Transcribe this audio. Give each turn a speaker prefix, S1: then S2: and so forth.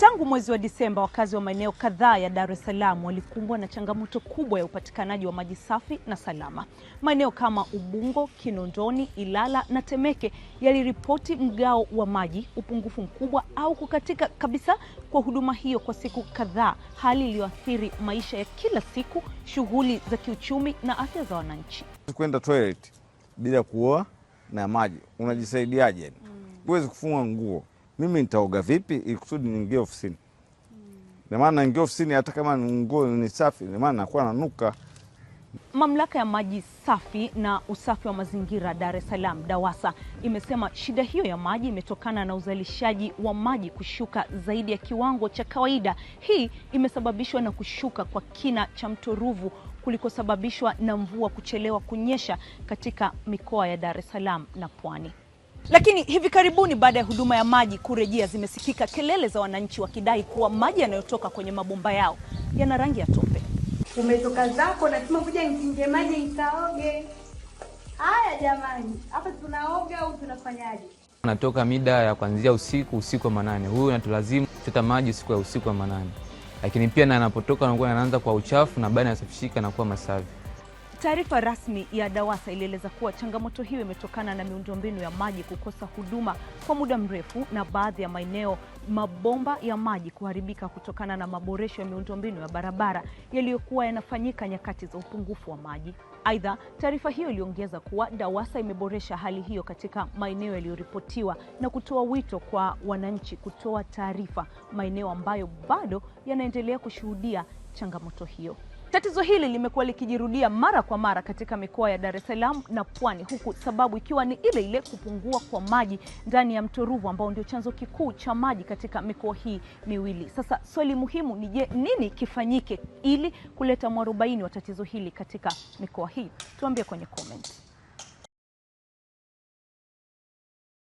S1: Tangu mwezi wa Disemba, wakazi wa maeneo kadhaa ya Dar es Salaam walikumbwa na changamoto kubwa ya upatikanaji wa maji safi na salama. Maeneo kama Ubungo, Kinondoni, Ilala na Temeke yaliripoti mgao wa maji, upungufu mkubwa au kukatika kabisa kwa huduma hiyo kwa siku kadhaa, hali iliyoathiri maisha ya kila siku, shughuli za kiuchumi na afya za wananchi.
S2: Kwenda toilet bila kuoa na maji unajisaidiaje? Mm. Huwezi kufunga nguo mimi nitaoga vipi ikusudi kusudi niingie ofisini? Hmm. Ndio maana naingia ofisini hata kama nguo ni safi, ndio maana nakuwa nanuka.
S1: Mamlaka ya maji safi na usafi wa mazingira Dar es Salaam DAWASA imesema shida hiyo ya maji imetokana na uzalishaji wa maji kushuka zaidi ya kiwango cha kawaida. Hii imesababishwa na kushuka kwa kina cha mto Ruvu kulikosababishwa na mvua kuchelewa kunyesha katika mikoa ya Dar es Salaam na Pwani. Lakini hivi karibuni baada ya huduma ya maji kurejea, zimesikika kelele za wananchi wakidai kuwa maji yanayotoka kwenye mabomba yao yana rangi ya tope.
S3: Umetoka zako nasema kuja nikinje maji nitaoge. Haya jamani, hapa tunaoga au tunafanyaje?
S4: Natoka mida ya kuanzia usiku usiku wa manane, huyu natulazimu kuchota maji usiku ya usiku wa manane, lakini pia na anapotoka anakuwa anaanza kwa uchafu na baada ya kusafishika anakuwa masafi.
S1: Taarifa rasmi ya DAWASA ilieleza kuwa changamoto hiyo imetokana na miundombinu ya maji kukosa huduma kwa muda mrefu na baadhi ya maeneo mabomba ya maji kuharibika kutokana na maboresho ya miundombinu ya barabara yaliyokuwa yanafanyika nyakati za upungufu wa maji. Aidha, taarifa hiyo iliongeza kuwa DAWASA imeboresha hali hiyo katika maeneo yaliyoripotiwa na kutoa wito kwa wananchi kutoa taarifa maeneo ambayo bado yanaendelea kushuhudia changamoto hiyo. Tatizo hili limekuwa likijirudia mara kwa mara katika mikoa ya Dar es Salaam na Pwani, huku sababu ikiwa ni ile ile, kupungua kwa maji ndani ya mto Ruvu ambao ndio chanzo kikuu cha maji katika mikoa hii miwili. Sasa swali muhimu ni je, nini kifanyike ili kuleta mwarobaini wa tatizo hili katika mikoa hii? Tuambie kwenye comment.